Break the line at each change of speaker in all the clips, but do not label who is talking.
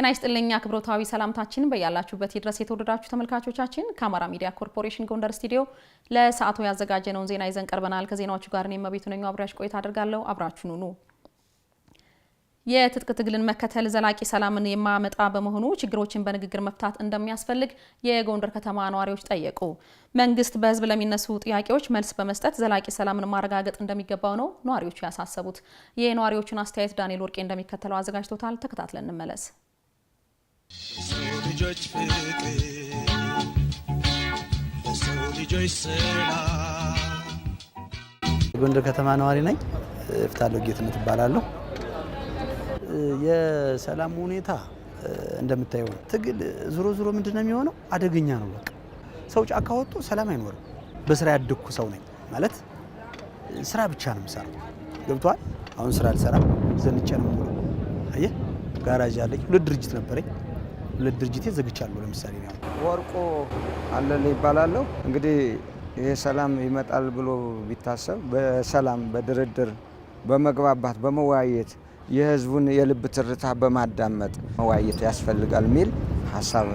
ጤና ይስጥልኝ አክብሮታዊ ሰላምታችን በያላችሁበት ይድረስ። የተወደዳችሁ ተመልካቾቻችን ከአማራ ሚዲያ ኮርፖሬሽን ጎንደር ስቱዲዮ ለሰዓቱ ያዘጋጀነውን ዜና ይዘን ቀርበናል። ከዜናዎቹ ጋር እኔ መቤቱ ነኝ፣ አብሪያሽ ቆይታ አደርጋለሁ። አብራችሁን ሁኑ። የትጥቅ ትግልን መከተል ዘላቂ ሰላምን የማመጣ በመሆኑ ችግሮችን በንግግር መፍታት እንደሚያስፈልግ የጎንደር ከተማ ነዋሪዎች ጠየቁ። መንግስት በህዝብ ለሚነሱ ጥያቄዎች መልስ በመስጠት ዘላቂ ሰላምን ማረጋገጥ እንደሚገባው ነው ነዋሪዎቹ ያሳሰቡት። የነዋሪዎቹን አስተያየት ዳንኤል ወርቄ እንደሚከተለው አዘጋጅቶታል። ተከታትለን እንመለስ። ለሰው ልጆች ፍቅር፣
ለሰው ልጆች ስራ። ጎንደር ከተማ ነዋሪ ነኝ። ፍታለው ጌትነት እባላለሁ። የሰላም ሁኔታ እንደምታየው ነው። ትግል ዞሮ ዞሮ ምንድን ነው የሚሆነው? አደገኛ ነው። በቃ ሰው ጫካ ወጥቶ ሰላም አይኖርም። በስራ ያደግኩ ሰው ነኝ ማለት ስራ ብቻ ነው የምሰራው። ገብቷል። አሁን ስራ አልሰራም፣ ዘንጬ ነው የምውለው። አየህ፣ ጋራጅ አለኝ፣ ሁለት ድርጅት ነበረኝ ሁለት ለድርጅቴ ዘግቻለሁ። ለምሳሌ ነው ወርቆ አለን ይባላለሁ። እንግዲህ ይሄ ሰላም ይመጣል ብሎ ቢታሰብ በሰላም በድርድር በመግባባት በመወያየት የህዝቡን የልብ ትርታ በማዳመጥ መወያየት ያስፈልጋል የሚል ሀሳብ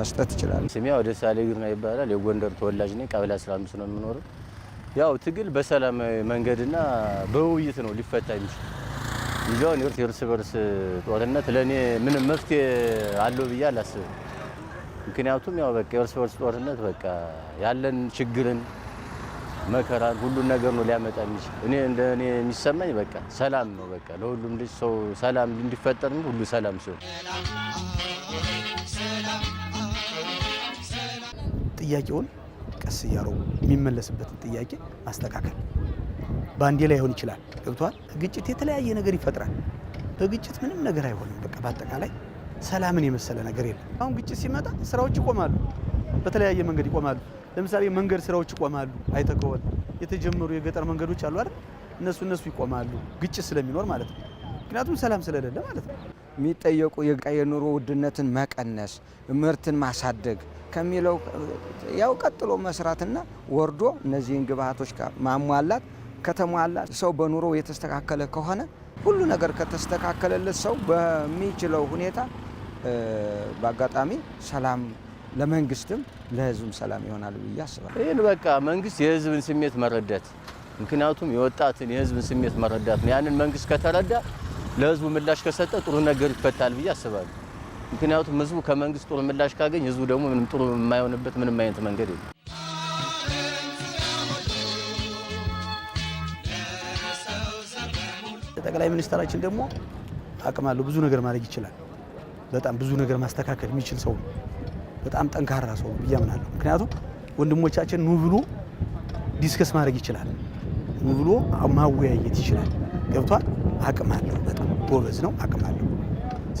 መስጠት ይችላል። ስሜ ወደ ሳሌ ግርና ይባላል። የጎንደር ተወላጅ ነኝ። ቀበሌ 15 ነው የምኖረው። ያው ትግል በሰላም መንገድና በውይይት ነው ሊፈታ የሚችል ይዘውን የእርስ በርስ ጦርነት ለእኔ ምንም መፍትሄ አለው ብዬ አላስብም። ምክንያቱም ያው በቃ የእርስ በርስ ጦርነት በቃ ያለን ችግርን፣ መከራን፣ ሁሉን ነገር ነው ሊያመጣ የሚችል። እኔ እንደ እኔ የሚሰማኝ በቃ ሰላም ነው። በቃ ለሁሉም ልጅ ሰው ሰላም እንዲፈጠር ሁሉ ሰላም ሲሆን ጥያቄውን ቀስ እያረው የሚመለስበትን ጥያቄ ማስተካከል ባንዴ ላይ ይሆን ይችላል። ገብቷል። ግጭት የተለያየ ነገር ይፈጥራል። በግጭት ምንም ነገር አይሆንም። በቃ በአጠቃላይ ሰላምን የመሰለ ነገር የለም። አሁን ግጭት ሲመጣ ስራዎች ይቆማሉ፣ በተለያየ መንገድ ይቆማሉ። ለምሳሌ መንገድ ስራዎች ይቆማሉ። አይተህ ከሆነ የተጀመሩ የገጠር መንገዶች አሉ አይደል? እነሱ እነሱ ይቆማሉ፣ ግጭት ስለሚኖር ማለት ነው። ምክንያቱም ሰላም ስለሌለ ማለት ነው። የሚጠየቁ የኑሮ ውድነትን መቀነስ፣ ምርትን ማሳደግ ከሚለው ያው ቀጥሎ መስራትና ወርዶ እነዚህን ግብዓቶች ማሟላት ከተሟላ ሰው በኑሮ የተስተካከለ ከሆነ ሁሉ ነገር ከተስተካከለለት ሰው በሚችለው ሁኔታ በአጋጣሚ ሰላም ለመንግስትም ለህዝብም ሰላም ይሆናል ብዬ አስባለሁ። ይህን በቃ መንግስት የህዝብን ስሜት መረዳት ምክንያቱም የወጣትን የህዝብን ስሜት መረዳት ነው። ያንን መንግስት ከተረዳ ለህዝቡ ምላሽ ከሰጠ ጥሩ ነገር ይፈታል ብዬ አስባለሁ። ምክንያቱም ህዝቡ ከመንግስት ጥሩ ምላሽ ካገኝ ህዝቡ ደግሞ ምንም ጥሩ የማይሆንበት ምንም አይነት መንገድ የለም። ጠቅላይ ሚኒስትራችን ደግሞ አቅም አለው፣ ብዙ ነገር ማድረግ ይችላል። በጣም ብዙ ነገር ማስተካከል የሚችል ሰው ነው። በጣም ጠንካራ ሰው ነው ብዬ አምናለሁ። ምክንያቱም ወንድሞቻችን ኑ ብሎ ዲስከስ ማድረግ ይችላል፣ ኑ ብሎ ማወያየት ይችላል። ገብቷል። አቅም አለው፣ በጣም ጎበዝ ነው፣ አቅም አለው።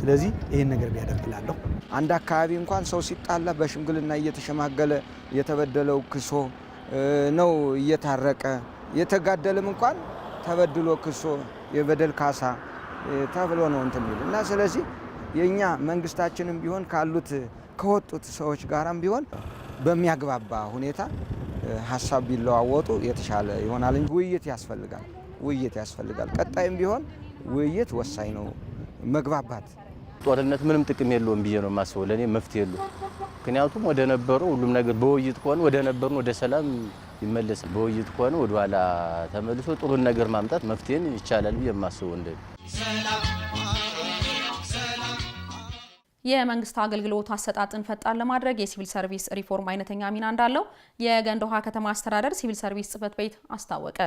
ስለዚህ ይህን ነገር ቢያደርግላለሁ። አንድ አካባቢ እንኳን ሰው ሲጣላ በሽምግልና እየተሸማገለ የተበደለው ክሶ ነው እየታረቀ የተጋደልም እንኳን ተበድሎ ክሶ የበደል ካሳ ተብሎ ነው እንትን የሚል እና ስለዚህ የእኛ መንግስታችንም ቢሆን ካሉት ከወጡት ሰዎች ጋራም ቢሆን በሚያግባባ ሁኔታ ሀሳብ ቢለዋወጡ የተሻለ ይሆናል እንጂ ውይይት ያስፈልጋል። ውይይት ያስፈልጋል። ቀጣይም ቢሆን ውይይት ወሳኝ ነው። መግባባት ጦርነት ምንም ጥቅም የለውም ብዬ ነው የማስበው። ለእኔ መፍትሄ የለውም። ምክንያቱም ወደ ነበረው ሁሉም ነገር በውይይት ከሆነ ወደ ነበርን ወደ ሰላም ይመለስ። በውይይት ከሆነ ወደኋላ ተመልሶ ጥሩን ነገር ማምጣት መፍትሄን ይቻላል ብዬ የማስበው እንደ
የመንግስት አገልግሎት አሰጣጥን ፈጣን ለማድረግ የሲቪል ሰርቪስ ሪፎርም አይነተኛ ሚና እንዳለው የገንደ ውሃ ከተማ አስተዳደር ሲቪል ሰርቪስ ጽሕፈት ቤት አስታወቀ።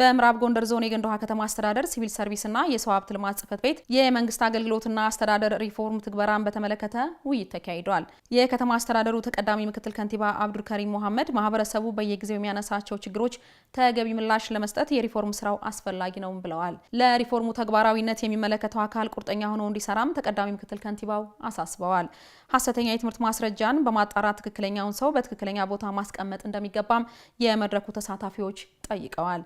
በምዕራብ ጎንደር ዞን የገንደ ከተማ አስተዳደር ሲቪል ሰርቪስና የሰው ሀብት ልማት ጽፈት ቤት የመንግስት አገልግሎትና አስተዳደር ሪፎርም ትግበራን በተመለከተ ውይይት ተካሂዷል። የከተማ አስተዳደሩ ተቀዳሚ ምክትል ከንቲባ አብዱልከሪም ሞሐመድ ማህበረሰቡ በየጊዜው የሚያነሳቸው ችግሮች ተገቢ ምላሽ ለመስጠት የሪፎርም ስራው አስፈላጊ ነው ብለዋል። ለሪፎርሙ ተግባራዊነት የሚመለከተው አካል ቁርጠኛ ሆኖ እንዲሰራም ተቀዳሚ ምክትል ከንቲባው አሳስበዋል። ሀሰተኛ የትምህርት ማስረጃን በማጣራት ትክክለኛውን ሰው በትክክለኛ ቦታ ማስቀመጥ እንደሚገባም የመድረኩ ተሳታፊዎች ጠይቀዋል።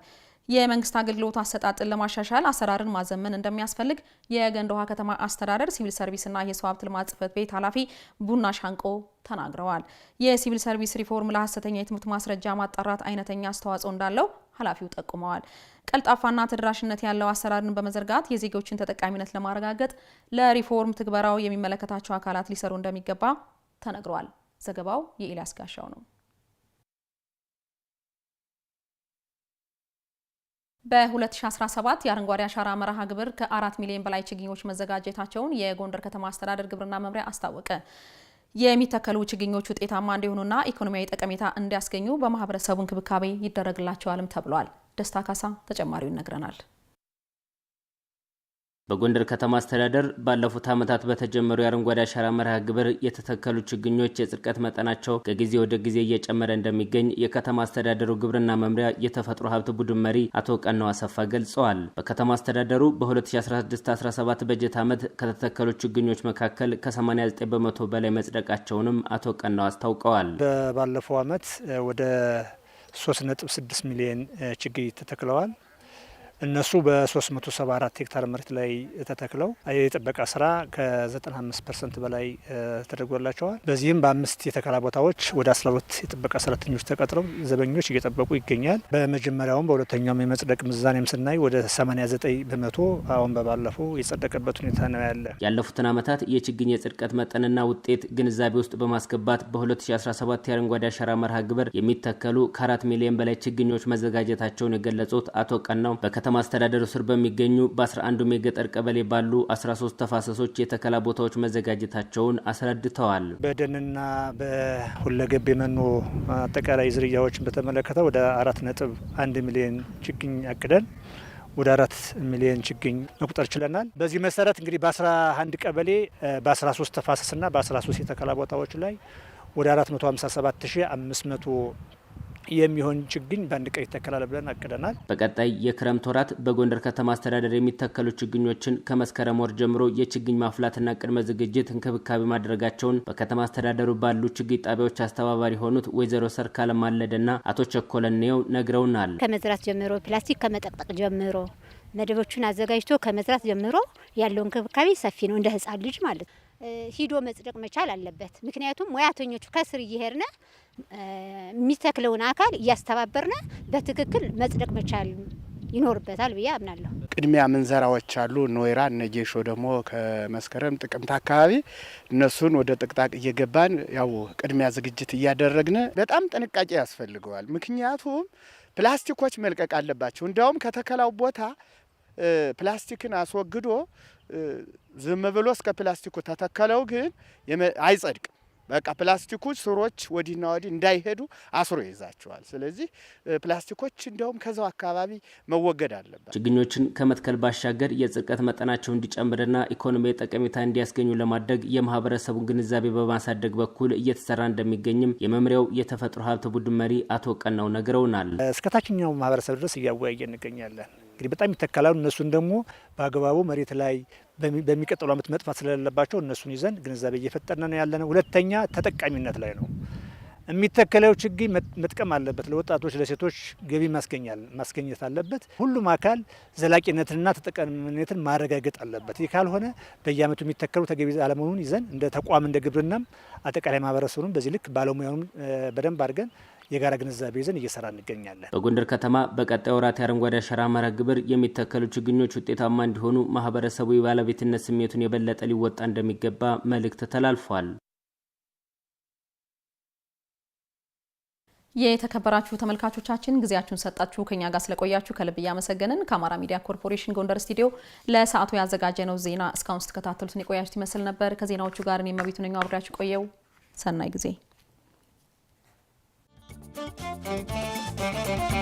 የመንግስት አገልግሎት አሰጣጥን ለማሻሻል አሰራርን ማዘመን እንደሚያስፈልግ የገንደ ውሃ ከተማ አስተዳደር ሲቪል ሰርቪስና የሰው ሀብት ልማት ጽህፈት ቤት ኃላፊ ቡና ሻንቆ ተናግረዋል። የሲቪል ሰርቪስ ሪፎርም ለሀሰተኛ የትምህርት ማስረጃ ማጣራት አይነተኛ አስተዋጽኦ እንዳለው ኃላፊው ጠቁመዋል። ቀልጣፋና ተደራሽነት ያለው አሰራርን በመዘርጋት የዜጎችን ተጠቃሚነት ለማረጋገጥ ለሪፎርም ትግበራው የሚመለከታቸው አካላት ሊሰሩ እንደሚገባ ተነግሯል። ዘገባው የኤልያስ ጋሻው ነው። በ2017 የአረንጓዴ አሻራ መርሃ ግብር ከ4 ሚሊዮን በላይ ችግኞች መዘጋጀታቸውን የጎንደር ከተማ አስተዳደር ግብርና መምሪያ አስታወቀ። የሚተከሉ ችግኞች ውጤታማ እንዲሆኑና ኢኮኖሚያዊ ጠቀሜታ እንዲያስገኙ በማህበረሰቡ እንክብካቤ ይደረግላቸዋልም ተብሏል። ደስታ ካሳ ተጨማሪው ይነግረናል።
በጎንደር ከተማ አስተዳደር ባለፉት ዓመታት በተጀመሩ የአረንጓዴ አሻራ መርሃ ግብር የተተከሉ ችግኞች የጽድቀት መጠናቸው ከጊዜ ወደ ጊዜ እየጨመረ እንደሚገኝ የከተማ አስተዳደሩ ግብርና መምሪያ የተፈጥሮ ሀብት ቡድን መሪ አቶ ቀነው አሰፋ ገልጸዋል። በከተማ አስተዳደሩ በ2016/17 በጀት ዓመት ከተተከሉ ችግኞች መካከል ከ89 በመቶ በላይ መጽደቃቸውንም አቶ ቀነው አስታውቀዋል።
ባለፈው ዓመት ወደ 3.6 ሚሊዮን ችግኝ ተተክለዋል። እነሱ በ374 ሄክታር መሬት ላይ ተተክለው የጥበቃ ስራ ከ95 ፐርሰንት በላይ ተደርጎላቸዋል። በዚህም በአምስት የተከላ ቦታዎች ወደ 12 የጥበቃ ሰራተኞች ተቀጥረው ዘበኞች እየጠበቁ ይገኛል። በመጀመሪያውም በሁለተኛውም የመጽደቅ ምዛኔም ስናይ ወደ 89 በመቶ አሁን በባለፈው የጸደቀበት ሁኔታ ነው ያለ።
ያለፉትን ዓመታት የችግኝ የጽድቀት መጠንና ውጤት ግንዛቤ ውስጥ በማስገባት በ2017 የአረንጓዴ አሻራ መርሃ ግብር የሚተከሉ ከአራት ሚሊዮን በላይ ችግኞች መዘጋጀታቸውን የገለጹት አቶ ቀናው በከተ ከተማ አስተዳደሩ ስር በሚገኙ በ11ዱም የገጠር ቀበሌ ባሉ 13 ተፋሰሶች የተከላ ቦታዎች መዘጋጀታቸውን አስረድተዋል።
በደንና በሁለገብ የመኖ አጠቃላይ ዝርያዎችን በተመለከተ ወደ አራት ነጥብ አንድ ሚሊዮን ችግኝ አቅደን ወደ አራት ሚሊዮን ችግኝ መቁጠር ችለናል። በዚህ መሰረት እንግዲህ በ11 ቀበሌ በ13 ተፋሰስና በ13 የተከላ ቦታዎች ላይ ወደ 457500 የሚሆን ችግኝ በአንድ ቀን ይተከላል ብለን አቅደናል።
በቀጣይ የክረምት ወራት በጎንደር ከተማ አስተዳደር የሚተከሉ ችግኞችን ከመስከረም ወር ጀምሮ የችግኝ ማፍላትና ቅድመ ዝግጅት እንክብካቤ ማድረጋቸውን በከተማ አስተዳደሩ ባሉ ችግኝ ጣቢያዎች አስተባባሪ የሆኑት ወይዘሮ ሰርካለም ማለደና አቶ ቸኮለኔው ነግረውናል።
ከመዝራት ጀምሮ ፕላስቲክ ከመጠቅጠቅ ጀምሮ መደቦቹን አዘጋጅቶ ከመዝራት ጀምሮ ያለው እንክብካቤ ሰፊ ነው፣ እንደ ህጻን ልጅ ማለት ነው። ሂዶ መጽደቅ መቻል አለበት። ምክንያቱም ሙያተኞቹ ከስር እየሄድነ የሚተክለውን አካል እያስተባበርነ በትክክል መጽደቅ መቻል ይኖርበታል ብዬ አምናለሁ።
ቅድሚያ ምንዘራዎች አሉ። ኖይራ እነጌሾ ደግሞ ከመስከረም ጥቅምት አካባቢ እነሱን ወደ ጥቅጣቅ እየገባን ያው ቅድሚያ ዝግጅት እያደረግን በጣም ጥንቃቄ ያስፈልገዋል። ምክንያቱም ፕላስቲኮች መልቀቅ አለባቸው። እንዲያውም ከተከላው ቦታ ፕላስቲክን አስወግዶ ዝም ብሎ እስከ ፕላስቲኩ ተተከለው ግን አይጸድቅም። በቃ ፕላስቲኩ ስሮች ወዲና ወዲህ እንዳይሄዱ አስሮ ይይዛቸዋል። ስለዚህ ፕላስቲኮች እንዲያውም ከዛው አካባቢ መወገድ አለበት።
ችግኞችን ከመትከል ባሻገር የጽድቀት መጠናቸው እንዲጨምርና ኢኮኖሚያዊ ጠቀሜታ እንዲያስገኙ ለማድረግ የማህበረሰቡን ግንዛቤ በማሳደግ በኩል እየተሰራ እንደሚገኝም የመምሪያው የተፈጥሮ ሀብት ቡድን መሪ አቶ ቀናው ነግረውናል።
እስከ ታችኛው ማህበረሰብ ድረስ እያወያየ እንገኛለን። እንግዲህ በጣም ይተከላሉ። እነሱን ደግሞ በአግባቡ መሬት ላይ በሚቀጥሉ ዓመት መጥፋት ስለሌለባቸው እነሱን ይዘን ግንዛቤ እየፈጠርን ነው ነው። ሁለተኛ ተጠቃሚነት ላይ ነው የሚተከለው ችግኝ መጥቀም አለበት። ለወጣቶች ለሴቶች ገቢ ማስገኘት አለበት። ሁሉም አካል ዘላቂነትንና ተጠቃሚነትን ማረጋገጥ አለበት። ይህ ካልሆነ በየአመቱ የሚተከሉ ተገቢ አለመሆኑን ይዘን እንደ ተቋም እንደ ግብርናም አጠቃላይ ማህበረሰቡን በዚህ ልክ ባለሙያውን በደንብ አድርገን የጋራ ግንዛቤ ይዘን እየሰራ እንገኛለን።
በጎንደር ከተማ በቀጣይ ወራት የአረንጓዴ አሻራ መርሃ ግብር የሚተከሉ ችግኞች ውጤታማ እንዲሆኑ ማህበረሰቡ የባለቤትነት ስሜቱን የበለጠ ሊወጣ እንደሚገባ መልእክት ተላልፏል።
የተከበራችሁ ተመልካቾቻችን ጊዜያችሁን ሰጣችሁ ከኛ ጋር ስለቆያችሁ ከልብ እያመሰገንን ከአማራ ሚዲያ ኮርፖሬሽን ጎንደር ስቱዲዮ ለሰዓቱ ያዘጋጀ ነው ዜና እስካሁን ስትከታተሉትን የቆያችሁት ይመስል ነበር። ከዜናዎቹ ጋር እኔ መቤቱ ነኛ አብሬያችሁ ቆየው። ሰናይ ጊዜ ¡Gracias!